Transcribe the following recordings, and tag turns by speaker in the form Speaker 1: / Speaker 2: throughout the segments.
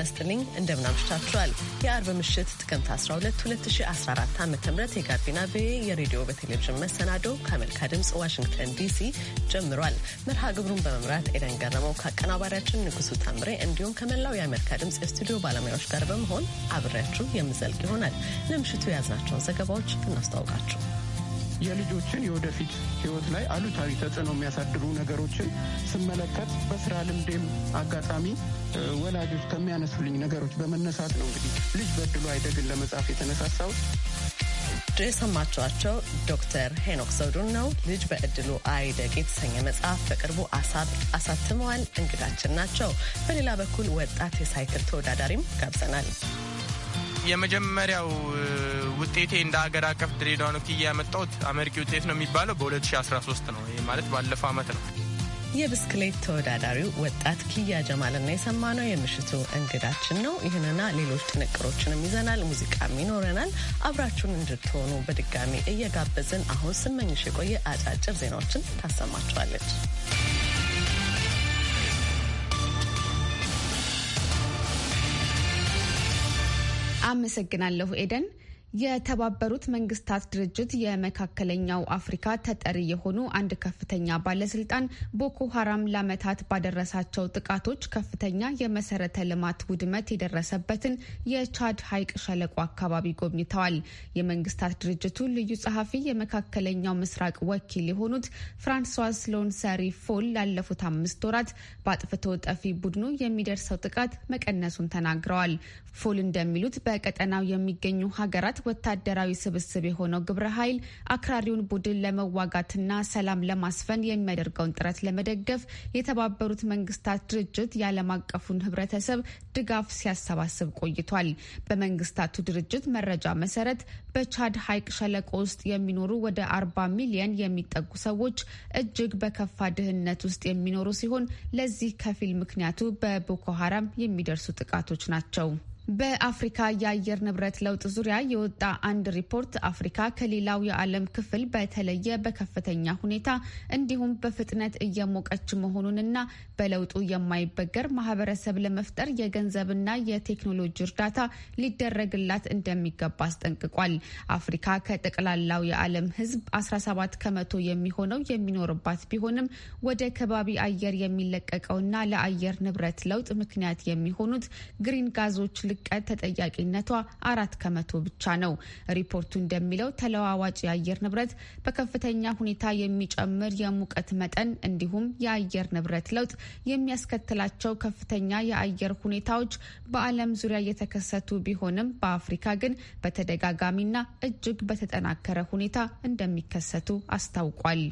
Speaker 1: ጤና ስጥልኝ እንደምን አምሽታችኋል። የአርብ ምሽት ጥቅምት 12 2014 ዓ ም የጋቢና ቪኦኤ የሬዲዮ በቴሌቪዥን መሰናዶ ከአሜሪካ ድምፅ ዋሽንግተን ዲሲ ጀምሯል። መርሃ ግብሩን በመምራት ኤደን ገረመው ከአቀናባሪያችን ንጉሱ ታምሬ እንዲሁም ከመላው የአሜሪካ ድምፅ የስቱዲዮ ባለሙያዎች ጋር በመሆን አብሬያችሁ የምዘልቅ ይሆናል። ለምሽቱ የያዝናቸውን ዘገባዎች እናስታውቃችሁ።
Speaker 2: የልጆችን የወደፊት ህይወት ላይ አሉታዊ ተጽዕኖ የሚያሳድሩ ነገሮችን ስመለከት በስራ ልምዴም አጋጣሚ ወላጆች ከሚያነሱልኝ ነገሮች በመነሳት ነው እንግዲህ ልጅ በድሎ አይደግን ለመጻፍ የተነሳሳሁት።
Speaker 1: የሰማችኋቸው ዶክተር ሄኖክ ዘውዱን ነው። ልጅ በእድሉ አይደግ የተሰኘ መጽሐፍ በቅርቡ አሳትመዋል። እንግዳችን ናቸው። በሌላ በኩል ወጣት የሳይክል ተወዳዳሪም ጋብዘናል።
Speaker 3: የመጀመሪያው ውጤቴ እንደ ሀገር አቀፍ ድሬዳዋ ነው ክያ ያመጣሁት አመርቂ ውጤት ነው የሚባለው በ2013 ነው። ይህ ማለት ባለፈው አመት ነው።
Speaker 1: የብስክሌት ተወዳዳሪው ወጣት ኪያ ጀማልና የሰማነው የምሽቱ እንግዳችን ነው። ይህንና ሌሎች ጥንቅሮችንም ይዘናል፣ ሙዚቃም ይኖረናል። አብራችሁን እንድትሆኑ በድጋሚ እየጋበዝን አሁን ስመኝሽ የቆየ አጫጭር ዜናዎችን ታሰማችኋለች።
Speaker 4: አመሰግናለሁ ኤደን። የተባበሩት መንግስታት ድርጅት የመካከለኛው አፍሪካ ተጠሪ የሆኑ አንድ ከፍተኛ ባለስልጣን ቦኮ ሀራም ለዓመታት ባደረሳቸው ጥቃቶች ከፍተኛ የመሰረተ ልማት ውድመት የደረሰበትን የቻድ ሐይቅ ሸለቆ አካባቢ ጎብኝተዋል። የመንግስታት ድርጅቱ ልዩ ጸሐፊ የመካከለኛው ምስራቅ ወኪል የሆኑት ፍራንሷስ ሎንሰሪ ፎል ላለፉት አምስት ወራት በአጥፍቶ ጠፊ ቡድኑ የሚደርሰው ጥቃት መቀነሱን ተናግረዋል። ፎል እንደሚሉት በቀጠናው የሚገኙ ሀገራት ወታደራዊ ስብስብ የሆነው ግብረ ኃይል አክራሪውን ቡድን ለመዋጋትና ሰላም ለማስፈን የሚያደርገውን ጥረት ለመደገፍ የተባበሩት መንግስታት ድርጅት የዓለም አቀፉን ህብረተሰብ ድጋፍ ሲያሰባስብ ቆይቷል። በመንግስታቱ ድርጅት መረጃ መሰረት በቻድ ሐይቅ ሸለቆ ውስጥ የሚኖሩ ወደ 40 ሚሊየን የሚጠጉ ሰዎች እጅግ በከፋ ድህነት ውስጥ የሚኖሩ ሲሆን ለዚህ ከፊል ምክንያቱ በቦኮ ሀራም የሚደርሱ ጥቃቶች ናቸው። በአፍሪካ የአየር ንብረት ለውጥ ዙሪያ የወጣ አንድ ሪፖርት አፍሪካ ከሌላው የዓለም ክፍል በተለየ በከፍተኛ ሁኔታ እንዲሁም በፍጥነት እየሞቀች መሆኑንና በለውጡ የማይበገር ማህበረሰብ ለመፍጠር የገንዘብና የቴክኖሎጂ እርዳታ ሊደረግላት እንደሚገባ አስጠንቅቋል። አፍሪካ ከጠቅላላው የዓለም ሕዝብ 17 ከመቶ የሚሆነው የሚኖርባት ቢሆንም ወደ ከባቢ አየር የሚለቀቀውና ለአየር ንብረት ለውጥ ምክንያት የሚሆኑት ግሪን ጋዞች ልቀት ተጠያቂነቷ አራት ከመቶ ብቻ ነው። ሪፖርቱ እንደሚለው ተለዋዋጭ የአየር ንብረት በከፍተኛ ሁኔታ የሚጨምር የሙቀት መጠን እንዲሁም የአየር ንብረት ለውጥ የሚያስከትላቸው ከፍተኛ የአየር ሁኔታዎች በዓለም ዙሪያ የተከሰቱ ቢሆንም በአፍሪካ ግን በተደጋጋሚና እጅግ በተጠናከረ ሁኔታ እንደሚከሰቱ አስታውቋል።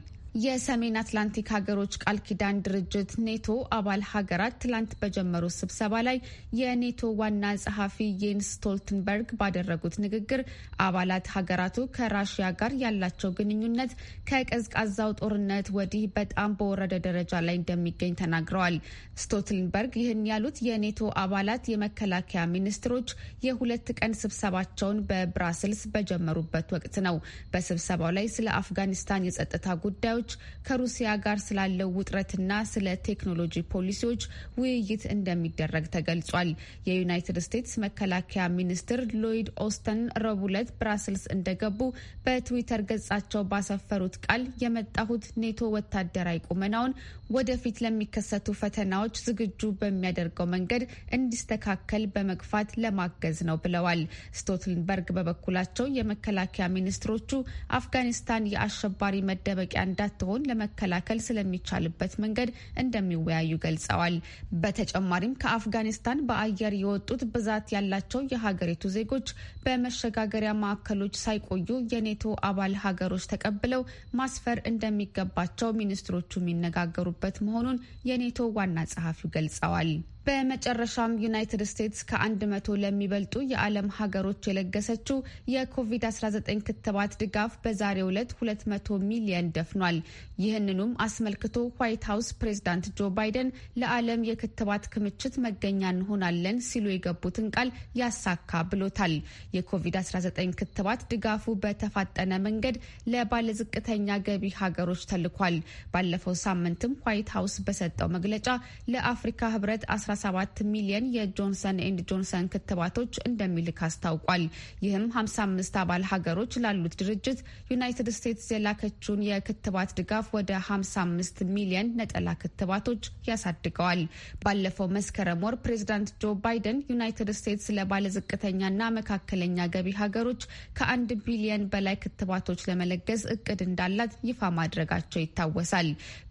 Speaker 4: የሰሜን አትላንቲክ ሀገሮች ቃል ኪዳን ድርጅት ኔቶ አባል ሀገራት ትላንት በጀመሩ ስብሰባ ላይ የኔቶ ዋና ጸሐፊ የንስ ስቶልትንበርግ ባደረጉት ንግግር አባላት ሀገራቱ ከራሽያ ጋር ያላቸው ግንኙነት ከቀዝቃዛው ጦርነት ወዲህ በጣም በወረደ ደረጃ ላይ እንደሚገኝ ተናግረዋል። ስቶልትንበርግ ይህን ያሉት የኔቶ አባላት የመከላከያ ሚኒስትሮች የሁለት ቀን ስብሰባቸውን በብራስልስ በጀመሩበት ወቅት ነው። በስብሰባው ላይ ስለ አፍጋኒስታን የጸጥታ ጉዳዮች ጉዳዮች፣ ከሩሲያ ጋር ስላለው ውጥረትና ስለ ቴክኖሎጂ ፖሊሲዎች ውይይት እንደሚደረግ ተገልጿል። የዩናይትድ ስቴትስ መከላከያ ሚኒስትር ሎይድ ኦስተን ረቡዕ ዕለት ብራስልስ እንደገቡ በትዊተር ገጻቸው ባሰፈሩት ቃል የመጣሁት ኔቶ ወታደራዊ ቁመናውን ወደፊት ለሚከሰቱ ፈተናዎች ዝግጁ በሚያደርገው መንገድ እንዲስተካከል በመግፋት ለማገዝ ነው ብለዋል። ስቶልተንበርግ በበኩላቸው የመከላከያ ሚኒስትሮቹ አፍጋኒስታን የአሸባሪ መደበቂያ እንዳ እንዳትሆን ለመከላከል ስለሚቻልበት መንገድ እንደሚወያዩ ገልጸዋል። በተጨማሪም ከአፍጋኒስታን በአየር የወጡት ብዛት ያላቸው የሀገሪቱ ዜጎች በመሸጋገሪያ ማዕከሎች ሳይቆዩ የኔቶ አባል ሀገሮች ተቀብለው ማስፈር እንደሚገባቸው ሚኒስትሮቹ የሚነጋገሩበት መሆኑን የኔቶ ዋና ጸሐፊው ገልጸዋል። በመጨረሻም ዩናይትድ ስቴትስ ከአንድ መቶ ለሚበልጡ የዓለም ሀገሮች የለገሰችው የኮቪድ-19 ክትባት ድጋፍ በዛሬው ዕለት 200 ሚሊየን ደፍኗል። ይህንኑም አስመልክቶ ዋይት ሀውስ ፕሬዚዳንት ጆ ባይደን ለዓለም የክትባት ክምችት መገኛ እንሆናለን ሲሉ የገቡትን ቃል ያሳካ ብሎታል። የኮቪድ-19 ክትባት ድጋፉ በተፋጠነ መንገድ ለባለዝቅተኛ ገቢ ሀገሮች ተልኳል። ባለፈው ሳምንትም ዋይት ሀውስ በሰጠው መግለጫ ለአፍሪካ ህብረት 17 ሚሊየን የጆንሰን ኤንድ ጆንሰን ክትባቶች እንደሚልክ አስታውቋል። ይህም 55 አባል ሀገሮች ላሉት ድርጅት ዩናይትድ ስቴትስ የላከችውን የክትባት ድጋፍ ወደ 55 ሚሊየን ነጠላ ክትባቶች ያሳድገዋል። ባለፈው መስከረም ወር ፕሬዚዳንት ጆ ባይደን ዩናይትድ ስቴትስ ለባለዝቅተኛና መካከለኛ ገቢ ሀገሮች ከአንድ ቢሊየን በላይ ክትባቶች ለመለገስ እቅድ እንዳላት ይፋ ማድረጋቸው ይታወሳል።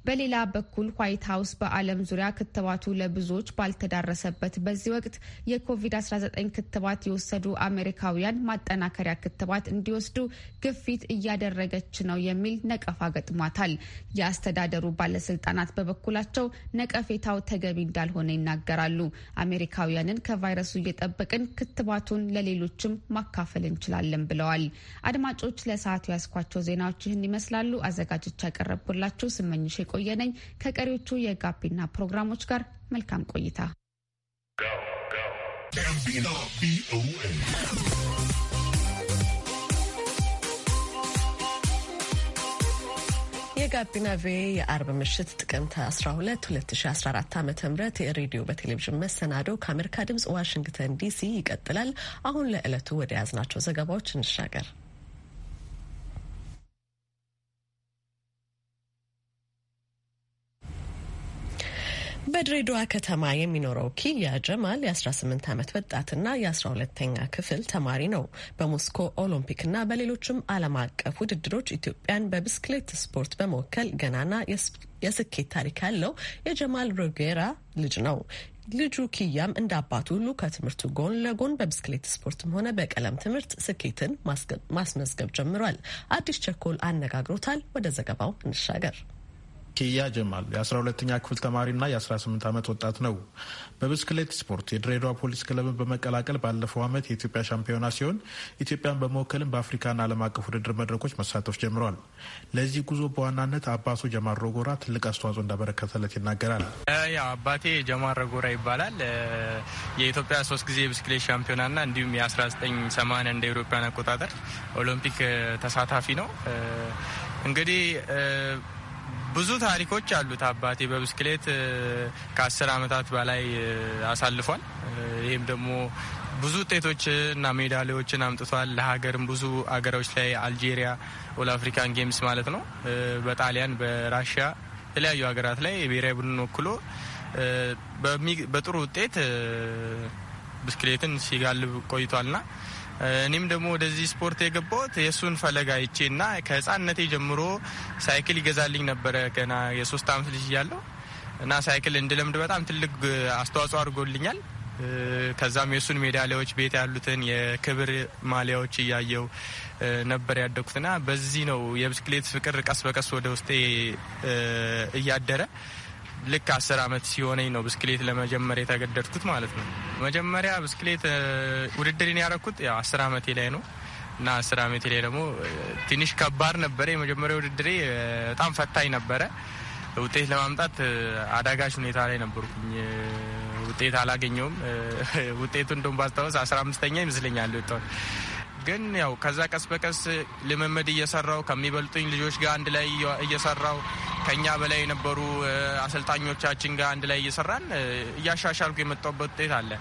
Speaker 4: በሌላ በኩል ዋይት ሀውስ በዓለም ዙሪያ ክትባቱ ለብዙዎች ባል ባልተዳረሰበት በዚህ ወቅት የኮቪድ-19 ክትባት የወሰዱ አሜሪካውያን ማጠናከሪያ ክትባት እንዲወስዱ ግፊት እያደረገች ነው የሚል ነቀፋ ገጥሟታል። የአስተዳደሩ ባለስልጣናት በበኩላቸው ነቀፌታው ተገቢ እንዳልሆነ ይናገራሉ። አሜሪካውያንን ከቫይረሱ እየጠበቅን ክትባቱን ለሌሎችም ማካፈል እንችላለን ብለዋል። አድማጮች ለሰዓቱ ያስኳቸው ዜናዎች ይህን ይመስላሉ። አዘጋጆች ያቀረብኩላችሁ ስመኝሽ የቆየነኝ ከቀሪዎቹ የጋቢና ፕሮግራሞች ጋር መልካም ቆይታ።
Speaker 1: የጋቢና ቪኦኤ የአርብ ምሽት ጥቅምት 12 2014 ዓ ም የሬዲዮ በቴሌቪዥን መሰናዶ ከአሜሪካ ድምፅ ዋሽንግተን ዲሲ ይቀጥላል። አሁን ለዕለቱ ወደ ያዝናቸው ዘገባዎች እንሻገር። በድሬዳዋ ከተማ የሚኖረው ኪያ ጀማል የ18 ዓመት ወጣትና የ12ተኛ ክፍል ተማሪ ነው። በሞስኮ ኦሎምፒክና በሌሎችም ዓለም አቀፍ ውድድሮች ኢትዮጵያን በብስክሌት ስፖርት በመወከል ገናና የስኬት ታሪክ ያለው የጀማል ሮጌራ ልጅ ነው። ልጁ ኪያም እንደ አባቱ ሁሉ ከትምህርቱ ጎን ለጎን በብስክሌት ስፖርትም ሆነ በቀለም ትምህርት ስኬትን ማስመዝገብ ጀምሯል። አዲስ ቸኮል አነጋግሮታል። ወደ ዘገባው እንሻገር።
Speaker 5: ኪያ ጀማል የ12ኛ ክፍል ተማሪና የ18 ዓመት ወጣት ነው። በብስክሌት ስፖርት የድሬዳዋ ፖሊስ ክለብን በመቀላቀል ባለፈው ዓመት የኢትዮጵያ ሻምፒዮና ሲሆን ኢትዮጵያን በመወከልም በአፍሪካና ዓለም አቀፍ ውድድር መድረኮች መሳተፍ ጀምሯል። ለዚህ ጉዞ በዋናነት አባቱ ጀማር ሮጎራ ትልቅ አስተዋጽኦ እንዳበረከተለት ይናገራል።
Speaker 3: ያው አባቴ ጀማር ሮጎራ ይባላል። የኢትዮጵያ ሶስት ጊዜ የብስክሌት ሻምፒዮናና እንዲሁም የ1980 እንደ አውሮፓውያን አቆጣጠር ኦሎምፒክ ተሳታፊ ነው እንግዲህ ብዙ ታሪኮች አሉት። አባቴ በብስክሌት ከአስር ዓመታት በላይ አሳልፏል። ይህም ደግሞ ብዙ ውጤቶች እና ሜዳሊያዎችን አምጥቷል። ለሀገርም ብዙ አገሮች ላይ አልጄሪያ፣ ኦል አፍሪካን ጌምስ ማለት ነው። በጣሊያን፣ በራሽያ የተለያዩ ሀገራት ላይ ብሔራዊ ቡድን ወክሎ በጥሩ ውጤት ብስክሌትን ሲጋልብ ቆይቷልና እኔም ደግሞ ወደዚህ ስፖርት የገባሁት የእሱን ፈለጋ ይቼ እና ከህፃንነቴ ጀምሮ ሳይክል ይገዛልኝ ነበረ ገና የሶስት አመት ልጅ እያለሁ እና ሳይክል እንድለምድ በጣም ትልቅ አስተዋጽኦ አድርጎልኛል። ከዛም የእሱን ሜዳሊያዎች ቤት ያሉትን የክብር ማሊያዎች እያየው ነበር ያደግኩትና በዚህ ነው የብስክሌት ፍቅር ቀስ በቀስ ወደ ውስጤ እያደረ ልክ አስር ዓመት ሲሆነኝ ነው ብስክሌት ለመጀመር የተገደድኩት ማለት ነው። መጀመሪያ ብስክሌት ውድድርን ያደረኩት ያው አስር ዓመቴ ላይ ነው እና አስር ዓመቴ ላይ ደግሞ ትንሽ ከባድ ነበረ። የመጀመሪያ ውድድሬ በጣም ፈታኝ ነበረ። ውጤት ለማምጣት አዳጋች ሁኔታ ላይ ነበርኩኝ። ውጤት አላገኘውም። ውጤቱ እንደም ባስታወስ አስራ አምስተኛ ይመስለኛል ወጣሁ ግን ያው ከዛ ቀስ በቀስ ልምምድ እየሰራው ከሚበልጡኝ ልጆች ጋር አንድ ላይ እየሰራው ከኛ በላይ የነበሩ አሰልጣኞቻችን ጋር አንድ ላይ እየሰራን እያሻሻልኩ የመጣበት ውጤት አለ።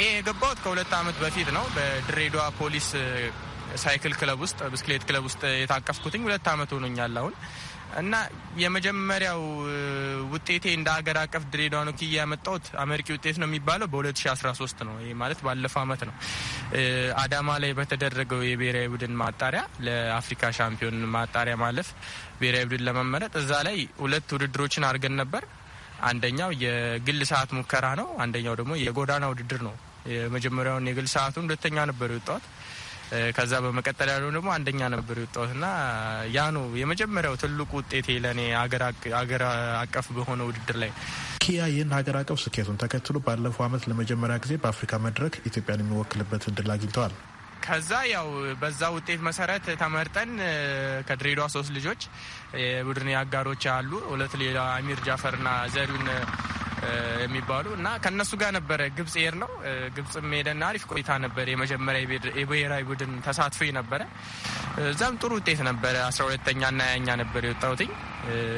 Speaker 3: ይሄ የገባሁት ከሁለት ዓመት በፊት ነው። በድሬዳዋ ፖሊስ ሳይክል ክለብ ውስጥ ብስክሌት ክለብ ውስጥ የታቀፍኩትኝ ሁለት ዓመት ሆኖኛል አሁን እና የመጀመሪያው ውጤቴ እንደ ሀገር አቀፍ ድሬዳዋ ነው ኪያ ያመጣሁት አመርቂ ውጤት ነው የሚባለው በ2013 ነው። ይህ ማለት ባለፈው አመት ነው። አዳማ ላይ በተደረገው የብሔራዊ ቡድን ማጣሪያ ለአፍሪካ ሻምፒዮን ማጣሪያ ማለፍ ብሔራዊ ቡድን ለመመረጥ እዛ ላይ ሁለት ውድድሮችን አድርገን ነበር። አንደኛው የግል ሰዓት ሙከራ ነው። አንደኛው ደግሞ የጎዳና ውድድር ነው። የመጀመሪያውን የግል ሰዓቱን ሁለተኛ ነበር የወጣሁት። ከዛ በመቀጠል ያለው ደግሞ አንደኛ ነበር የወጣሁትና ያ ነው የመጀመሪያው ትልቁ ውጤቴ ለእኔ አገር አቀፍ በሆነ ውድድር ላይ።
Speaker 5: ኪያ ይህን ሀገር አቀፍ ስኬቱን ተከትሎ ባለፈው ዓመት ለመጀመሪያ ጊዜ በአፍሪካ መድረክ ኢትዮጵያን የሚወክልበት እድል አግኝተዋል።
Speaker 3: ከዛ ያው በዛ ውጤት መሰረት ተመርጠን ከድሬዳዋ ሶስት ልጆች የቡድን አጋሮች አሉ። ሁለት ሌላ አሚር ጃፈርና ዘሪሁን የሚባሉ እና ከእነሱ ጋር ነበረ ግብጽ ሄድ ነው። ግብጽም ሄደና አሪፍ ቆይታ ነበር የመጀመሪያ የብሔራዊ ቡድን ተሳትፎ ነበረ። እዛም ጥሩ ውጤት ነበረ። አስራ ሁለተኛ እና ያኛ ነበር የወጣሁትኝ።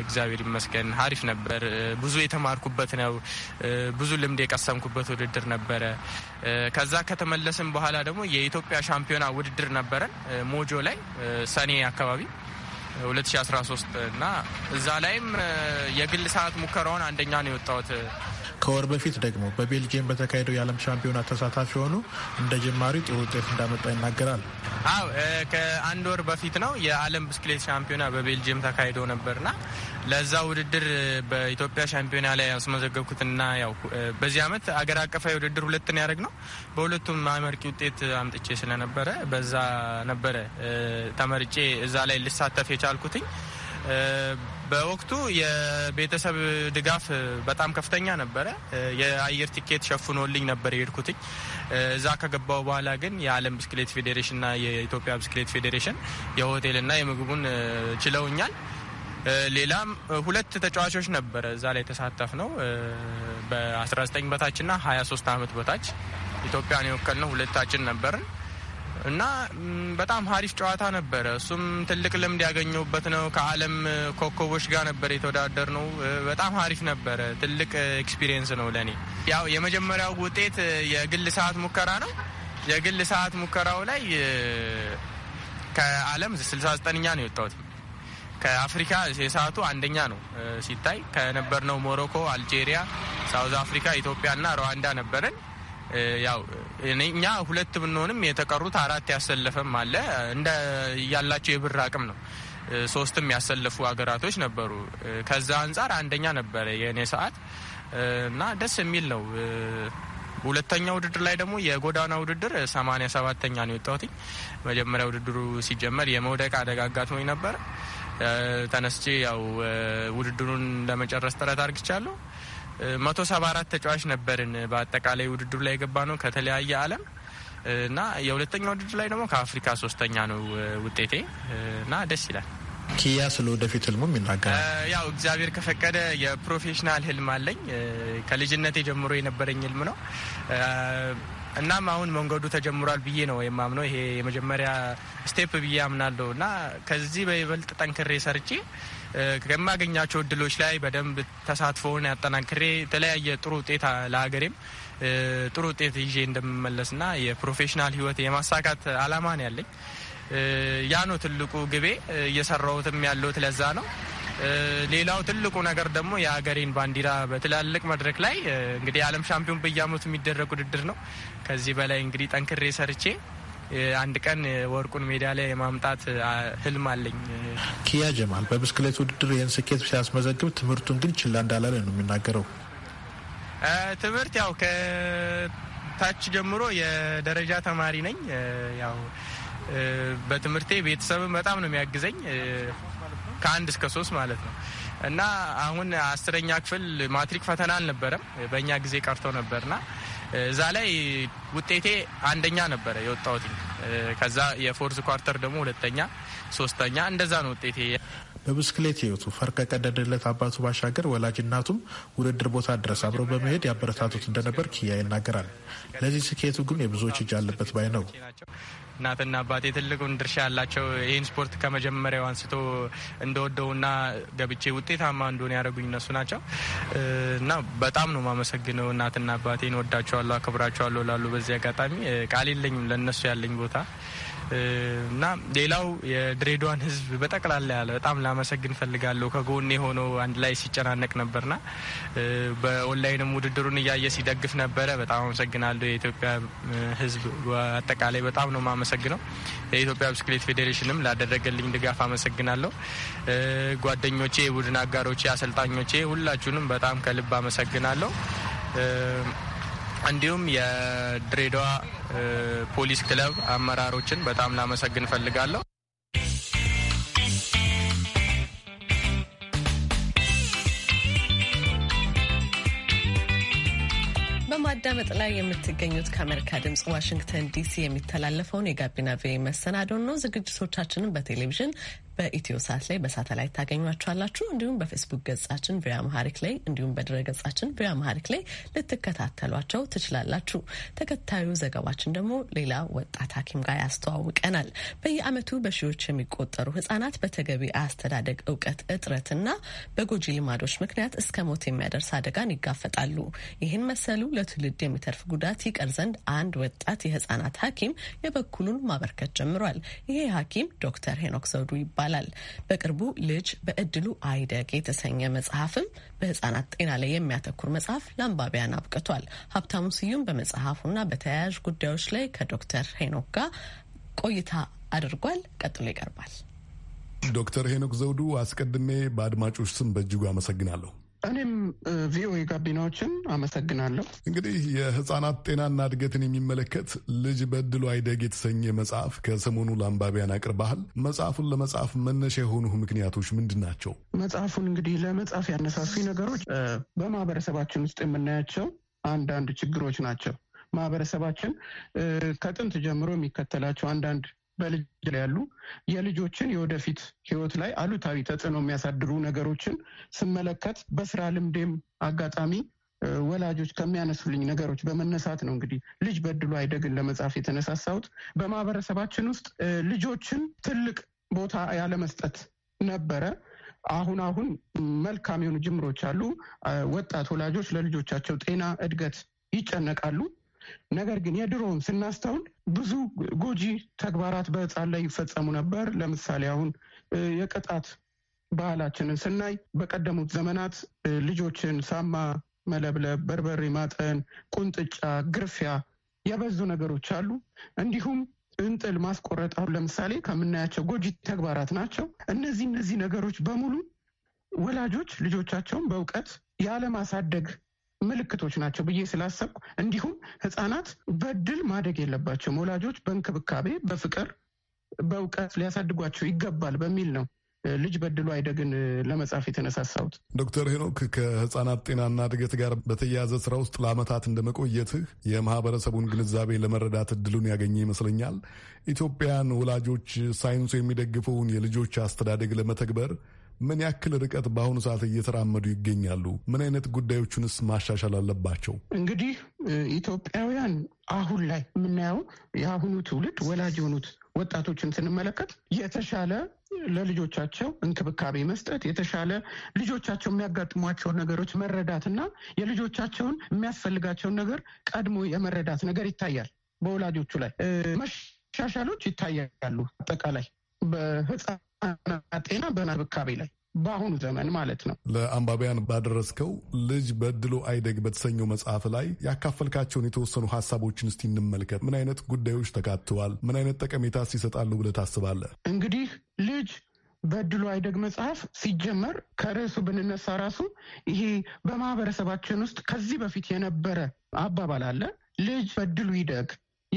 Speaker 3: እግዚአብሔር ይመስገን አሪፍ ነበር። ብዙ የተማርኩበት ነው። ብዙ ልምድ የቀሰምኩበት ውድድር ነበረ። ከዛ ከተመለስን በኋላ ደግሞ የኢትዮጵያ ሻምፒዮና ውድድር ነበረን ሞጆ ላይ ሰኔ አካባቢ 2013 እና እዛ ላይም የግል ሰዓት ሙከራውን አንደኛ ነው የወጣሁት
Speaker 5: ከወር በፊት ደግሞ በቤልጅየም በተካሄደው የዓለም ሻምፒዮና ተሳታፊ ሆኑ እንደ ጀማሪ ጥሩ ውጤት እንዳመጣ ይናገራል።
Speaker 3: አው ከአንድ ወር በፊት ነው የዓለም ብስክሌት ሻምፒዮና በቤልጅየም ተካሂዶ ነበርና ለዛ ውድድር በኢትዮጵያ ሻምፒዮና ላይ ያስመዘገብኩትና ያው በዚህ አመት አገር አቀፋዊ ውድድር ሁለትን ያደረግ ነው። በሁለቱም አመርቂ ውጤት አምጥቼ ስለነበረ በዛ ነበረ ተመርጬ እዛ ላይ ልሳተፍ የቻልኩትኝ። በወቅቱ የቤተሰብ ድጋፍ በጣም ከፍተኛ ነበረ። የአየር ቲኬት ሸፍኖልኝ ነበር የሄድኩትኝ። እዛ ከገባው በኋላ ግን የዓለም ብስክሌት ፌዴሬሽንና የኢትዮጵያ ብስክሌት ፌዴሬሽን የሆቴልና የምግቡን ችለውኛል። ሌላም ሁለት ተጫዋቾች ነበረ እዛ ላይ የተሳተፍ ነው በ19 በታችና 23 ዓመት በታች ኢትዮጵያን የወከልነው ሁለታችን ነበርን። እና በጣም ሀሪፍ ጨዋታ ነበረ። እሱም ትልቅ ልምድ ያገኘሁበት ነው። ከዓለም ኮከቦች ጋር ነበር የተወዳደር ነው። በጣም ሀሪፍ ነበረ። ትልቅ ኤክስፒሪየንስ ነው ለእኔ። ያው የመጀመሪያው ውጤት የግል ሰዓት ሙከራ ነው። የግል ሰዓት ሙከራው ላይ ከዓለም 69ኛ ነው የወጣሁት። ከአፍሪካ የሰዓቱ አንደኛ ነው ሲታይ ከነበርነው ሞሮኮ፣ አልጄሪያ፣ ሳውዝ አፍሪካ፣ ኢትዮጵያና ሩዋንዳ ነበረን። ያው እኛ ሁለት ብንሆንም የተቀሩት አራት ያሰለፈም አለ። እንደ ያላቸው የብር አቅም ነው። ሶስትም ያሰለፉ ሀገራቶች ነበሩ። ከዛ አንጻር አንደኛ ነበረ የእኔ ሰዓት እና ደስ የሚል ነው። ሁለተኛ ውድድር ላይ ደግሞ የጎዳና ውድድር ሰማኒያ ሰባተኛ ነው የወጣሁትኝ። መጀመሪያ ውድድሩ ሲጀመር የመውደቅ አደጋ አጋጥሞኝ ነበር። ተነስቼ ያው ውድድሩን ለመጨረስ ጥረት አርግቻለሁ። መቶ ሰባ አራት ተጫዋች ነበርን በአጠቃላይ ውድድሩ ላይ የገባ ነው ከተለያየ ዓለም እና የሁለተኛ ውድድር ላይ ደግሞ ከአፍሪካ ሶስተኛ ነው ውጤቴ እና ደስ ይላል።
Speaker 5: ኪያ ስለ ወደፊት ህልሙም ይናገራል።
Speaker 3: ያው እግዚአብሔር ከፈቀደ የፕሮፌሽናል ህልም አለኝ። ከልጅነቴ ጀምሮ የነበረኝ ህልም ነው። እናም አሁን መንገዱ ተጀምሯል ብዬ ነው የማምነው። ይሄ የመጀመሪያ ስቴፕ ብዬ አምናለሁ እና ከዚህ በይበልጥ ጠንክሬ ሰርቼ ከማገኛቸው እድሎች ላይ በደንብ ተሳትፎውን ያጠናክሬ የተለያየ ጥሩ ውጤት ለሀገሬም ጥሩ ውጤት ይዤ እንደምመለስና የፕሮፌሽናል ህይወት የማሳካት አላማ ነው ያለኝ። ያ ነው ትልቁ ግቤ። እየሰራሁትም ያለሁት ለዛ ነው። ሌላው ትልቁ ነገር ደግሞ የሀገሬን ባንዲራ በትላልቅ መድረክ ላይ እንግዲህ የዓለም ሻምፒዮን በየአመቱ የሚደረግ ውድድር ነው። ከዚህ በላይ እንግዲህ ጠንክሬ ሰርቼ አንድ ቀን ወርቁን ሜዳሊያ የማምጣት ህልም አለኝ።
Speaker 5: ኪያ ጀማል በብስክሌት ውድድር ይህን ስኬት ሲያስመዘግብ ትምህርቱን ግን ችላ እንዳላለ ነው የሚናገረው።
Speaker 3: ትምህርት ያው ከታች ጀምሮ የደረጃ ተማሪ ነኝ። ያው በትምህርቴ ቤተሰብን በጣም ነው የሚያግዘኝ ከአንድ እስከ ሶስት ማለት ነው እና አሁን አስረኛ ክፍል ማትሪክ ፈተና አልነበረም በእኛ ጊዜ ቀርቶ ነበርና እዛ ላይ ውጤቴ አንደኛ ነበረ የወጣሁት። ከዛ የፎርዝ ኳርተር ደግሞ ሁለተኛ፣ ሶስተኛ እንደዛ ነው ውጤቴ።
Speaker 5: በብስክሌት ህይወቱ ፈርቀ ቀደደለት አባቱ ባሻገር ወላጅ እናቱም ውድድር ቦታ ድረስ አብረው በመሄድ ያበረታቱት እንደነበር ኪያ ይናገራል። ለዚህ ስኬቱ ግን የብዙዎች እጅ አለበት ባይ ነው።
Speaker 3: እናትና አባቴ ትልቁን ድርሻ ያላቸው ይህን ስፖርት ከመጀመሪያው አንስቶ እንደወደውና ገብቼ ውጤታማ እንደሆነ ያደረጉኝ እነሱ ናቸው እና በጣም ነው ማመሰግነው። እናትና አባቴን ወዳቸዋለሁ፣ አክብራቸዋለሁ ላሉ በዚህ አጋጣሚ ቃል የለኝም ለእነሱ ያለኝ ቦታ እና ሌላው የድሬዳዋን ህዝብ በጠቅላላ ያለ በጣም ላመሰግን ፈልጋለሁ። ከጎን የሆነው አንድ ላይ ሲጨናነቅ ነበርና በኦንላይንም ውድድሩን እያየ ሲደግፍ ነበረ። በጣም አመሰግናለሁ። የኢትዮጵያ ህዝብ አጠቃላይ በጣም ነው ማመሰግነው። የኢትዮጵያ ብስክሌት ፌዴሬሽንም ላደረገልኝ ድጋፍ አመሰግናለሁ። ጓደኞቼ፣ የቡድን አጋሮቼ፣ አሰልጣኞቼ ሁላችሁንም በጣም ከልብ አመሰግናለሁ። እንዲሁም የድሬዳዋ ፖሊስ ክለብ አመራሮችን በጣም ላመሰግን ፈልጋለሁ።
Speaker 1: በማዳመጥ ላይ የምትገኙት ከአሜሪካ ድምጽ ዋሽንግተን ዲሲ የሚተላለፈውን የጋቢና ቪ መሰናዶን ነው። ዝግጅቶቻችንን በቴሌቪዥን በኢትዮ ሳት ላይ በሳተላይት ታገኟቸዋላችሁ። እንዲሁም በፌስቡክ ገጻችን ቪያ መሀሪክ ላይ እንዲሁም በድረ ገጻችን ቪያ መሀሪክ ላይ ልትከታተሏቸው ትችላላችሁ። ተከታዩ ዘገባችን ደግሞ ሌላ ወጣት ሐኪም ጋር ያስተዋውቀናል። በየአመቱ በሺዎች የሚቆጠሩ ህጻናት በተገቢ አስተዳደግ እውቀት እጥረትና በጎጂ ልማዶች ምክንያት እስከ ሞት የሚያደርስ አደጋን ይጋፈጣሉ። ይህን መሰሉ ለትውልድ የሚተርፍ ጉዳት ይቀር ዘንድ አንድ ወጣት የህጻናት ሐኪም የበኩሉን ማበርከት ጀምሯል። ይሄ ሐኪም ዶክተር ሄኖክ ዘውዱ ይባላል። ይባላል። በቅርቡ ልጅ በእድሉ አይደግ የተሰኘ መጽሐፍም በህጻናት ጤና ላይ የሚያተኩር መጽሐፍ ለአንባቢያን አብቅቷል። ሀብታሙ ስዩም በመጽሐፉና በተያያዥ ጉዳዮች ላይ ከዶክተር ሄኖክ ጋር ቆይታ አድርጓል። ቀጥሎ ይቀርባል።
Speaker 6: ዶክተር ሄኖክ ዘውዱ አስቀድሜ በአድማጮች ስም በእጅጉ አመሰግናለሁ። እኔም ቪኦኤ ጋቢናዎችን አመሰግናለሁ። እንግዲህ የህጻናት ጤናና እድገትን የሚመለከት ልጅ በድሎ አይደግ የተሰኘ መጽሐፍ ከሰሞኑ ለአንባቢያን አቅርበሃል። መጽሐፉን ለመጽሐፍ መነሻ የሆኑ ምክንያቶች ምንድን ናቸው?
Speaker 2: መጽሐፉን እንግዲህ ለመጻፍ ያነሳሱ ነገሮች በማህበረሰባችን ውስጥ የምናያቸው አንዳንድ ችግሮች ናቸው። ማህበረሰባችን ከጥንት ጀምሮ የሚከተላቸው አንዳንድ በልጅ ላይ ያሉ የልጆችን የወደፊት ህይወት ላይ አሉታዊ ተጽዕኖ የሚያሳድሩ ነገሮችን ስመለከት በስራ ልምዴም አጋጣሚ ወላጆች ከሚያነሱልኝ ነገሮች በመነሳት ነው እንግዲህ ልጅ በድሎ አይደግን ለመጻፍ የተነሳሳሁት። በማህበረሰባችን ውስጥ ልጆችን ትልቅ ቦታ ያለመስጠት ነበረ። አሁን አሁን መልካም የሆኑ ጅምሮች አሉ። ወጣት ወላጆች ለልጆቻቸው ጤና፣ እድገት ይጨነቃሉ። ነገር ግን የድሮውን ስናስተውል ብዙ ጎጂ ተግባራት በህፃን ላይ ይፈጸሙ ነበር። ለምሳሌ አሁን የቅጣት ባህላችንን ስናይ በቀደሙት ዘመናት ልጆችን ሳማ መለብለብ፣ በርበሬ ማጠን፣ ቁንጥጫ፣ ግርፊያ የበዙ ነገሮች አሉ። እንዲሁም እንጥል ማስቆረጥ አሁን ለምሳሌ ከምናያቸው ጎጂ ተግባራት ናቸው። እነዚህ እነዚህ ነገሮች በሙሉ ወላጆች ልጆቻቸውን በእውቀት ያለማሳደግ ምልክቶች ናቸው ብዬ ስላሰብኩ እንዲሁም ህጻናት በድል ማደግ የለባቸውም። ወላጆች በእንክብካቤ፣ በፍቅር፣ በእውቀት ሊያሳድጓቸው ይገባል በሚል ነው ልጅ በድሉ አይደግን ለመጻፍ የተነሳሳሁት።
Speaker 6: ዶክተር ሄኖክ ከህጻናት ጤናና እድገት ጋር በተያያዘ ስራ ውስጥ ለአመታት እንደመቆየትህ የማህበረሰቡን ግንዛቤ ለመረዳት እድሉን ያገኘ ይመስለኛል። ኢትዮጵያን ወላጆች ሳይንሱ የሚደግፈውን የልጆች አስተዳደግ ለመተግበር ምን ያክል ርቀት በአሁኑ ሰዓት እየተራመዱ ይገኛሉ? ምን አይነት ጉዳዮቹንስ ማሻሻል አለባቸው?
Speaker 2: እንግዲህ ኢትዮጵያውያን አሁን ላይ የምናየው የአሁኑ ትውልድ ወላጅ የሆኑት ወጣቶችን ስንመለከት የተሻለ ለልጆቻቸው እንክብካቤ መስጠት የተሻለ ልጆቻቸው የሚያጋጥሟቸውን ነገሮች መረዳት እና የልጆቻቸውን የሚያስፈልጋቸውን ነገር ቀድሞ የመረዳት ነገር ይታያል። በወላጆቹ ላይ መሻሻሎች ይታያሉ። አጠቃላይ በህፃ ጤና በእንክብካቤ ላይ በአሁኑ ዘመን ማለት ነው።
Speaker 6: ለአንባቢያን ባደረስከው ልጅ በድሎ አይደግ በተሰኘው መጽሐፍ ላይ ያካፈልካቸውን የተወሰኑ ሀሳቦችን እስቲ እንመልከት። ምን አይነት ጉዳዮች ተካተዋል? ምን አይነት ጠቀሜታ ይሰጣሉ ብለህ ታስባለህ?
Speaker 2: እንግዲህ ልጅ በድሎ አይደግ መጽሐፍ ሲጀመር ከርዕሱ ብንነሳ ራሱ ይሄ በማህበረሰባችን ውስጥ ከዚህ በፊት የነበረ አባባል አለ። ልጅ በድሉ ይደግ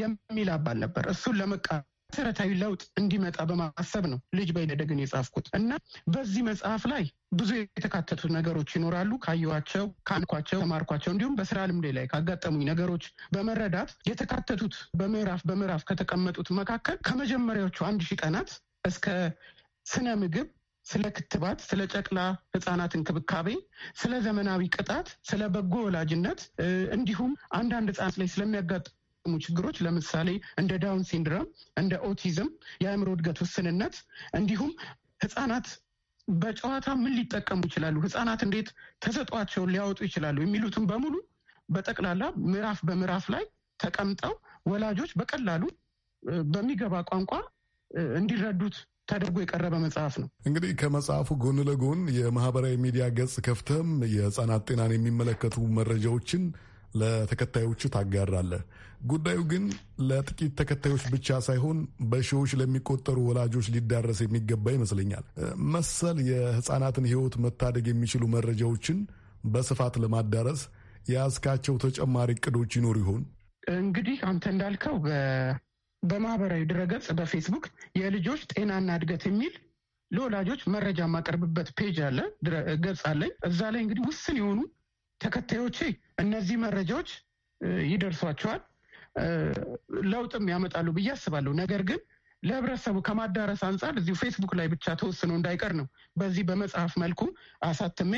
Speaker 2: የሚል አባል ነበር። እሱን ለመቃ መሰረታዊ ለውጥ እንዲመጣ በማሰብ ነው ልጅ በይደደግን የጻፍኩት እና በዚህ መጽሐፍ ላይ ብዙ የተካተቱ ነገሮች ይኖራሉ። ካየኋቸው፣ ካንኳቸው፣ ተማርኳቸው እንዲሁም በስራ ልምዴ ላይ ካጋጠሙኝ ነገሮች በመረዳት የተካተቱት በምዕራፍ በምዕራፍ ከተቀመጡት መካከል ከመጀመሪያዎቹ አንድ ሺህ ቀናት እስከ ስነ ምግብ ስለ ክትባት፣ ስለ ጨቅላ ህፃናት እንክብካቤ፣ ስለ ዘመናዊ ቅጣት፣ ስለ በጎ ወላጅነት እንዲሁም አንዳንድ ህፃናት ላይ ስለሚያጋጥ ችግሮች ለምሳሌ እንደ ዳውን ሲንድረም፣ እንደ ኦቲዝም፣ የአእምሮ እድገት ውስንነት እንዲሁም ህጻናት በጨዋታ ምን ሊጠቀሙ ይችላሉ፣ ህጻናት እንዴት ተሰጧቸውን ሊያወጡ ይችላሉ የሚሉትን በሙሉ በጠቅላላ ምዕራፍ በምዕራፍ ላይ ተቀምጠው ወላጆች በቀላሉ በሚገባ ቋንቋ እንዲረዱት ተደርጎ የቀረበ
Speaker 6: መጽሐፍ ነው። እንግዲህ ከመጽሐፉ ጎን ለጎን የማህበራዊ ሚዲያ ገጽ ከፍተም የህጻናት ጤናን የሚመለከቱ መረጃዎችን ለተከታዮቹ ታጋራለህ። ጉዳዩ ግን ለጥቂት ተከታዮች ብቻ ሳይሆን በሺዎች ለሚቆጠሩ ወላጆች ሊዳረስ የሚገባ ይመስለኛል። መሰል የሕፃናትን ሕይወት መታደግ የሚችሉ መረጃዎችን በስፋት ለማዳረስ የያዝካቸው ተጨማሪ እቅዶች ይኖሩ ይሆን?
Speaker 2: እንግዲህ አንተ እንዳልከው በማህበራዊ ድረገጽ በፌስቡክ የልጆች ጤናና እድገት የሚል ለወላጆች መረጃ የማቀርብበት ፔጅ አለ፣ ገጽ አለኝ። እዛ ላይ እንግዲህ ውስን የሆኑ ተከታዮቼ እነዚህ መረጃዎች ይደርሷቸዋል፣ ለውጥም ያመጣሉ ብዬ አስባለሁ። ነገር ግን ለህብረተሰቡ ከማዳረስ አንጻር እዚሁ ፌስቡክ ላይ ብቻ ተወስኖ እንዳይቀር ነው በዚህ በመጽሐፍ መልኩ አሳትሜ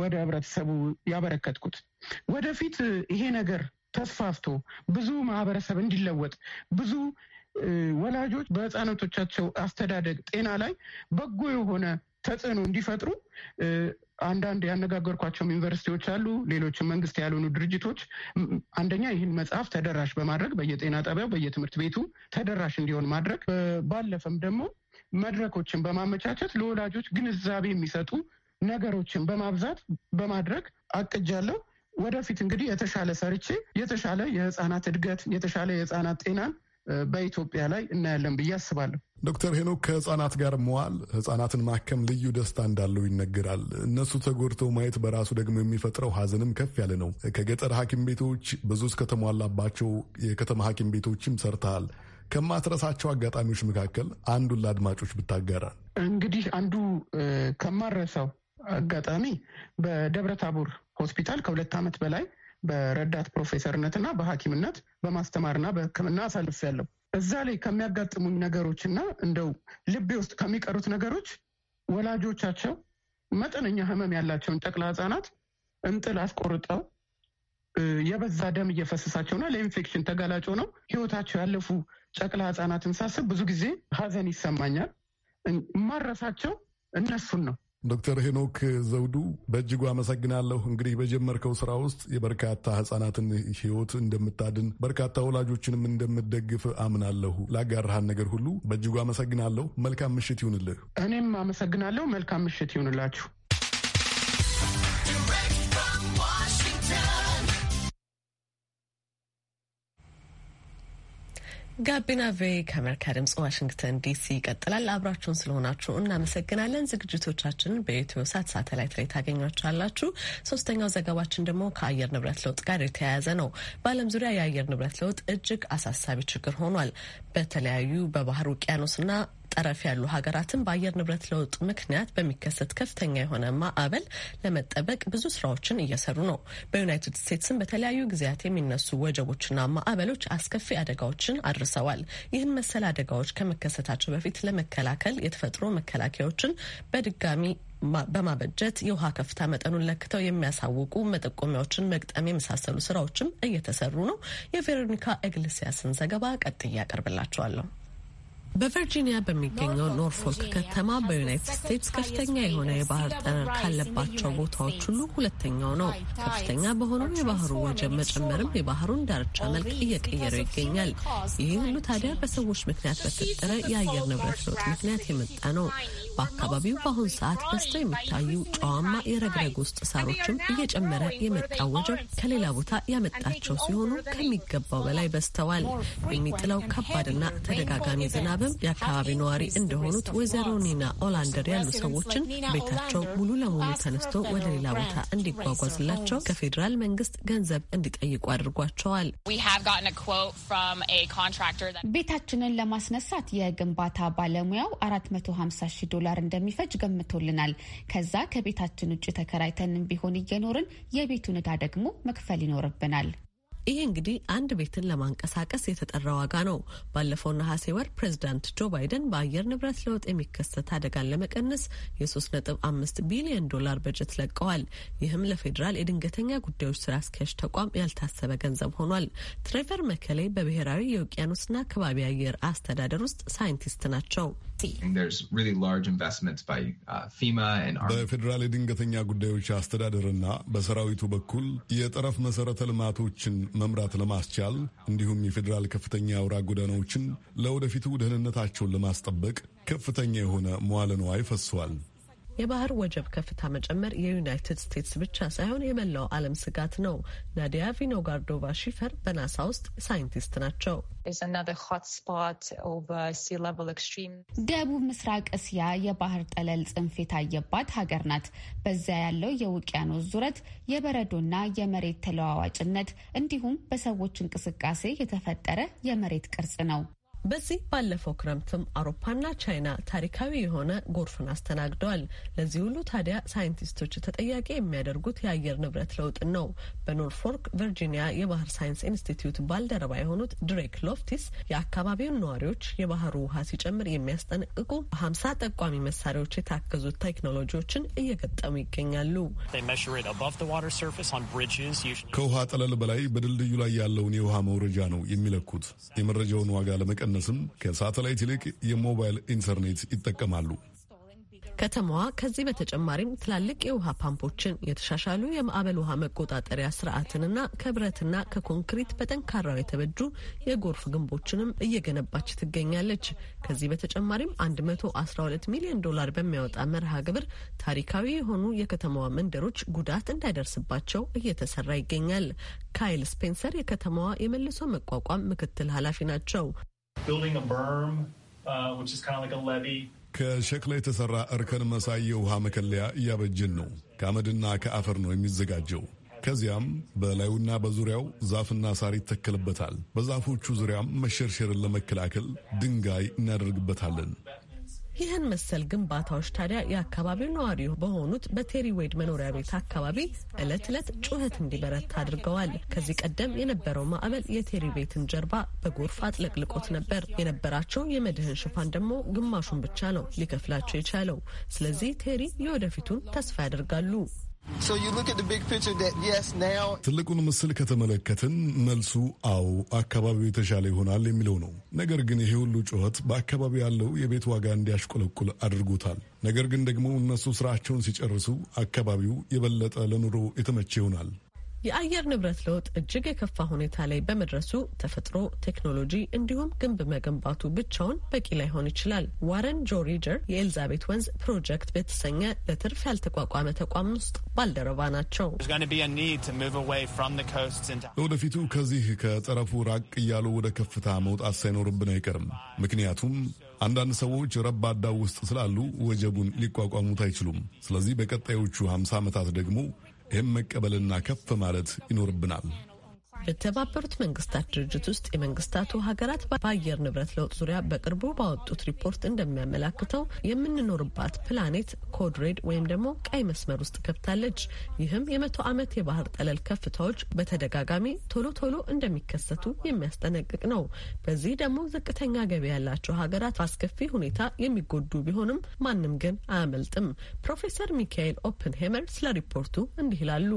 Speaker 2: ወደ ህብረተሰቡ ያበረከትኩት። ወደፊት ይሄ ነገር ተስፋፍቶ ብዙ ማህበረሰብ እንዲለወጥ ብዙ ወላጆች በህፃናቶቻቸው አስተዳደግ ጤና ላይ በጎ የሆነ ተጽዕኖ እንዲፈጥሩ አንዳንድ ያነጋገርኳቸውም ዩኒቨርሲቲዎች አሉ፣ ሌሎችም መንግስት ያልሆኑ ድርጅቶች አንደኛ ይህን መጽሐፍ ተደራሽ በማድረግ በየጤና ጣቢያው በየትምህርት ቤቱ ተደራሽ እንዲሆን ማድረግ፣ ባለፈም ደግሞ መድረኮችን በማመቻቸት ለወላጆች ግንዛቤ የሚሰጡ ነገሮችን በማብዛት በማድረግ አቅጃለሁ። ወደፊት እንግዲህ የተሻለ ሰርቼ የተሻለ የህፃናት እድገት የተሻለ የህፃናት ጤናን በኢትዮጵያ ላይ እናያለን ብዬ አስባለሁ።
Speaker 6: ዶክተር ሄኖክ ከህጻናት ጋር መዋል ህጻናትን ማከም ልዩ ደስታ እንዳለው ይነገራል። እነሱ ተጎድተው ማየት በራሱ ደግሞ የሚፈጥረው ሀዘንም ከፍ ያለ ነው። ከገጠር ሐኪም ቤቶች ብዙ እስከተሟላባቸው የከተማ ሐኪም ቤቶችም ሰርተሃል። ከማትረሳቸው አጋጣሚዎች መካከል አንዱን ለአድማጮች ብታጋራ።
Speaker 2: እንግዲህ አንዱ ከማረሰው አጋጣሚ በደብረ ታቦር ሆስፒታል ከሁለት ዓመት በላይ በረዳት ፕሮፌሰርነትና በሐኪምነት በማስተማርና በሕክምና አሳልፍ ያለው እዛ ላይ ከሚያጋጥሙኝ ነገሮች እና እንደው ልቤ ውስጥ ከሚቀሩት ነገሮች ወላጆቻቸው መጠነኛ ህመም ያላቸውን ጨቅላ ህጻናት እንጥል አስቆርጠው የበዛ ደም እየፈሰሳቸውና ለኢንፌክሽን ተጋላጭ ነው ህይወታቸው ያለፉ ጨቅላ ህጻናትን ሳስብ ብዙ ጊዜ ሀዘን ይሰማኛል። ማረሳቸው እነሱን ነው።
Speaker 6: ዶክተር ሄኖክ ዘውዱ በእጅጉ አመሰግናለሁ። እንግዲህ በጀመርከው ስራ ውስጥ የበርካታ ህጻናትን ህይወት እንደምታድን በርካታ ወላጆችንም እንደምደግፍ አምናለሁ። ላጋራሃን ነገር ሁሉ በእጅጉ አመሰግናለሁ። መልካም ምሽት ይሁንልህ።
Speaker 2: እኔም አመሰግናለሁ። መልካም ምሽት ይሁንላችሁ።
Speaker 1: ጋቢና ቬ ከአሜሪካ ድምጽ ዋሽንግተን ዲሲ ይቀጥላል። አብራችሁን ስለሆናችሁ እናመሰግናለን። ዝግጅቶቻችንን በኢትዮ ሳት ሳተላይት ላይ ታገኟችኋላችሁ። ሶስተኛው ዘገባችን ደግሞ ከአየር ንብረት ለውጥ ጋር የተያያዘ ነው። በዓለም ዙሪያ የአየር ንብረት ለውጥ እጅግ አሳሳቢ ችግር ሆኗል። በተለያዩ በባህር ውቅያኖስና ጠረፍ ያሉ ሀገራትን በአየር ንብረት ለውጥ ምክንያት በሚከሰት ከፍተኛ የሆነ ማዕበል ለመጠበቅ ብዙ ስራዎችን እየሰሩ ነው። በዩናይትድ ስቴትስም በተለያዩ ጊዜያት የሚነሱ ወጀቦችና ማዕበሎች አስከፊ አደጋዎችን አድርሰዋል። ይህን መሰል አደጋዎች ከመከሰታቸው በፊት ለመከላከል የተፈጥሮ መከላከያዎችን በድጋሚ በማበጀት የውሃ ከፍታ መጠኑን ለክተው የሚያሳውቁ መጠቆሚያዎችን መግጠም የመሳሰሉ ስራዎችም እየተሰሩ ነው። የቬሮኒካ ኤግሊሲያስን ዘገባ ቀጥዬ ያቀርብላቸዋለሁ። በቨርጂኒያ በሚገኘው ኖርፎልክ ከተማ በዩናይትድ ስቴትስ ከፍተኛ የሆነ የባህር ጠረር ካለባቸው ቦታዎች ሁሉ ሁለተኛው ነው። ከፍተኛ በሆነው የባህሩ ወጀብ መጨመርም የባህሩን ዳርቻ መልክ እየቀየረው ይገኛል። ይህ ሁሉ ታዲያ በሰዎች ምክንያት በፈጠረ የአየር ንብረት ለውጥ ምክንያት የመጣ ነው። በአካባቢው በአሁን ሰዓት በስተው የሚታዩ ጨዋማ የረግረግ ውስጥ ሳሮችም እየጨመረ የመጣ ወጀብ ከሌላ ቦታ ያመጣቸው ሲሆኑ ከሚገባው በላይ በስተዋል የሚጥለው ከባድና ተደጋጋሚ ዝናብ ህዝብ የአካባቢ ነዋሪ እንደሆኑት ወይዘሮ ኒና ኦላንደር ያሉ ሰዎችን ቤታቸው ሙሉ ለሙሉ ተነስቶ ወደ ሌላ ቦታ እንዲጓጓዝላቸው ከፌዴራል መንግስት ገንዘብ እንዲጠይቁ አድርጓቸዋል።
Speaker 4: ቤታችንን ለማስነሳት የግንባታ ባለሙያው 450 ሺህ ዶላር እንደሚፈጅ ገምቶልናል። ከዛ ከቤታችን ውጭ ተከራይተንም ቢሆን እየኖርን የቤቱን ዕዳ ደግሞ መክፈል ይኖርብናል። ይሄ እንግዲህ አንድ ቤትን ለማንቀሳቀስ የተጠራ
Speaker 1: ዋጋ ነው። ባለፈው ነሐሴ ወር ፕሬዚዳንት ጆ ባይደን በአየር ንብረት ለውጥ የሚከሰት አደጋን ለመቀነስ የ3.5 ቢሊዮን ዶላር በጀት ለቀዋል። ይህም ለፌዴራል የድንገተኛ ጉዳዮች ስራ አስኪያጅ ተቋም ያልታሰበ ገንዘብ ሆኗል። ትሬቨር መከሌ በብሔራዊ የውቅያኖስና ከባቢ አየር አስተዳደር ውስጥ ሳይንቲስት ናቸው። Uh,
Speaker 6: በፌዴራል የድንገተኛ ጉዳዮች አስተዳደርና በሰራዊቱ በኩል የጠረፍ መሰረተ ልማቶችን መምራት ለማስቻል እንዲሁም የፌዴራል ከፍተኛ አውራ ጎዳናዎችን ለወደፊቱ ደህንነታቸውን ለማስጠበቅ ከፍተኛ የሆነ መዋለ ንዋይ
Speaker 1: የባህር ወጀብ ከፍታ መጨመር የዩናይትድ ስቴትስ ብቻ ሳይሆን የመላው ዓለም ስጋት ነው። ናዲያ ቪኖጋርዶቫ ሺፈር በናሳ ውስጥ ሳይንቲስት ናቸው።
Speaker 4: ደቡብ ምስራቅ እስያ የባህር ጠለል ጽንፍ የታየባት ሀገር ናት። በዚያ ያለው የውቅያኖስ ዙረት፣ የበረዶና የመሬት ተለዋዋጭነት እንዲሁም በሰዎች እንቅስቃሴ የተፈጠረ የመሬት ቅርጽ ነው። በዚህ ባለፈው ክረምትም አውሮፓና ቻይና ታሪካዊ የሆነ ጎርፍን
Speaker 1: አስተናግደዋል። ለዚህ ሁሉ ታዲያ ሳይንቲስቶች ተጠያቂ የሚያደርጉት የአየር ንብረት ለውጥን ነው። በኖርፎርክ ቨርጂኒያ የባህር ሳይንስ ኢንስቲትዩት ባልደረባ የሆኑት ድሬክ ሎፍቲስ የአካባቢውን ነዋሪዎች የባህሩ ውሃ ሲጨምር የሚያስጠነቅቁ ሀምሳ ጠቋሚ መሳሪያዎች የታከዙት ቴክኖሎጂዎችን እየገጠሙ ይገኛሉ።
Speaker 6: ከውሃ ጠለል በላይ በድልድዩ ላይ ያለውን የውሃ መውረጃ ነው የሚለኩት። የመረጃውን ዋጋ ለመቀነስ ለመደነስም ከሳተላይት ይልቅ የሞባይል ኢንተርኔት ይጠቀማሉ።
Speaker 1: ከተማዋ ከዚህ በተጨማሪም ትላልቅ የውሃ ፓምፖችን፣ የተሻሻሉ የማዕበል ውሃ መቆጣጠሪያ ስርዓትንና ከብረትና ከኮንክሪት በጠንካራው የተበጁ የጎርፍ ግንቦችንም እየገነባች ትገኛለች። ከዚህ በተጨማሪም 112 ሚሊዮን ዶላር በሚያወጣ መርሃ ግብር ታሪካዊ የሆኑ የከተማዋ መንደሮች ጉዳት እንዳይደርስባቸው እየተሰራ ይገኛል። ካይል ስፔንሰር የከተማዋ የመልሶ መቋቋም ምክትል ኃላፊ ናቸው።
Speaker 6: Uh, ከሸክላ የተሰራ እርከን መሳይ የውሃ መከለያ እያበጅን ነው። ከአመድና ከአፈር ነው የሚዘጋጀው። ከዚያም በላዩና በዙሪያው ዛፍና ሳር ይተከልበታል። በዛፎቹ ዙሪያም መሸርሸርን ለመከላከል ድንጋይ እናደርግበታለን።
Speaker 1: ይህን መሰል ግንባታዎች ታዲያ የአካባቢው ነዋሪ በሆኑት በቴሪ ዌድ መኖሪያ ቤት አካባቢ ዕለት ዕለት ጩኸት እንዲበረታ አድርገዋል። ከዚህ ቀደም የነበረው ማዕበል የቴሪ ቤትን ጀርባ በጎርፍ አጥለቅልቆት ነበር። የነበራቸው የመድህን ሽፋን ደግሞ ግማሹን ብቻ ነው ሊከፍላቸው የቻለው። ስለዚህ ቴሪ የወደፊቱን ተስፋ ያደርጋሉ።
Speaker 6: ትልቁን ምስል ከተመለከትን መልሱ አዎ አካባቢው የተሻለ ይሆናል የሚለው ነው። ነገር ግን ይሄ ሁሉ ጩኸት በአካባቢው ያለው የቤት ዋጋ እንዲያሽቆለቁል አድርጎታል። ነገር ግን ደግሞ እነሱ ስራቸውን ሲጨርሱ አካባቢው የበለጠ ለኑሮ የተመቸ ይሆናል።
Speaker 1: የአየር ንብረት ለውጥ እጅግ የከፋ ሁኔታ ላይ በመድረሱ ተፈጥሮ፣ ቴክኖሎጂ እንዲሁም ግንብ መገንባቱ ብቻውን በቂ ላይሆን ይችላል። ዋረን ጆ ሪጀር የኤልዛቤት ወንዝ ፕሮጀክት በተሰኘ ለትርፍ ያልተቋቋመ ተቋም ውስጥ ባልደረባ ናቸው።
Speaker 6: ለወደፊቱ ከዚህ ከጠረፉ ራቅ እያሉ ወደ ከፍታ መውጣት ሳይኖርብን አይቀርም። ምክንያቱም አንዳንድ ሰዎች ረባዳው ውስጥ ስላሉ ወጀቡን ሊቋቋሙት አይችሉም። ስለዚህ በቀጣዮቹ 50 ዓመታት ደግሞ ይህም መቀበልና ከፍ ማለት ይኖርብናል።
Speaker 1: በተባበሩት መንግስታት ድርጅት ውስጥ የመንግስታቱ ሀገራት በአየር ንብረት ለውጥ ዙሪያ በቅርቡ ባወጡት ሪፖርት እንደሚያመላክተው የምንኖርባት ፕላኔት ኮድሬድ ወይም ደግሞ ቀይ መስመር ውስጥ ገብታለች። ይህም የመቶ ዓመት የባህር ጠለል ከፍታዎች በተደጋጋሚ ቶሎ ቶሎ እንደሚከሰቱ የሚያስጠነቅቅ ነው። በዚህ ደግሞ ዝቅተኛ ገቢ ያላቸው ሀገራት በአስከፊ ሁኔታ የሚጎዱ ቢሆንም ማንም ግን አያመልጥም። ፕሮፌሰር ሚካኤል ኦፕንሄመር ስለ ሪፖርቱ እንዲህ ይላሉ።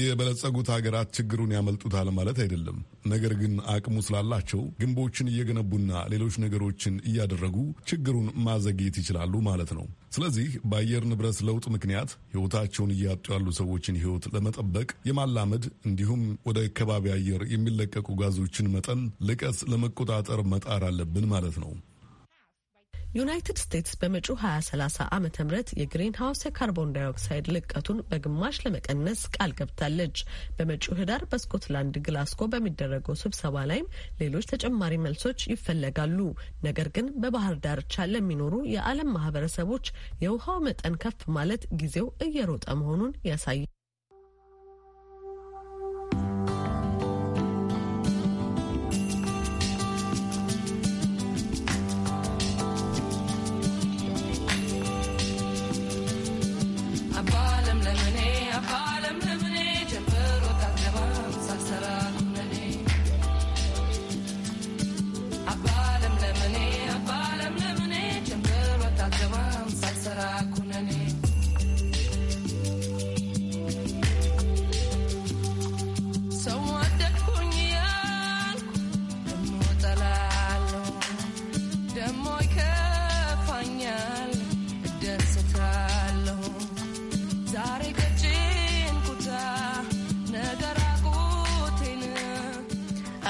Speaker 6: የበለጸጉት ሀገራት ችግሩን ያመልጡታል ማለት አይደለም። ነገር ግን አቅሙ ስላላቸው ግንቦችን እየገነቡና ሌሎች ነገሮችን እያደረጉ ችግሩን ማዘግየት ይችላሉ ማለት ነው። ስለዚህ በአየር ንብረት ለውጥ ምክንያት ሕይወታቸውን እያጡ ያሉ ሰዎችን ሕይወት ለመጠበቅ የማላመድ እንዲሁም ወደ ከባቢ አየር የሚለቀቁ ጋዞችን መጠን ልቀት ለመቆጣጠር መጣር አለብን ማለት ነው።
Speaker 1: ዩናይትድ ስቴትስ በመጪው 2030 ዓ ም የግሪን ሀውስ የካርቦን ዳይኦክሳይድ ልቀቱን በግማሽ ለመቀነስ ቃል ገብታለች። በመጪው ህዳር በስኮትላንድ ግላስጎ በሚደረገው ስብሰባ ላይም ሌሎች ተጨማሪ መልሶች ይፈለጋሉ። ነገር ግን በባህር ዳርቻ ለሚኖሩ የዓለም ማህበረሰቦች የውሃው መጠን ከፍ ማለት ጊዜው እየሮጠ መሆኑን ያሳያል።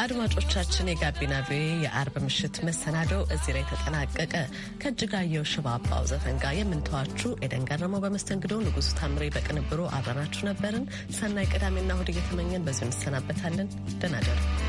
Speaker 1: አድማጮቻችን የጋቢና ቪኦኤ የአርብ ምሽት መሰናዶው እዚህ ላይ ተጠናቀቀ። ከእጅጋየሁ ሽባባው ዘፈን ጋር የምንተዋችሁ ኤደን ገረመው በመስተንግዶ፣ ንጉሱ ታምሬ በቅንብሩ አብረናችሁ ነበርን። ሰናይ ቅዳሜና እሁድ እየተመኘን በዚሁ እንሰናበታለን። ደህና እደሩ።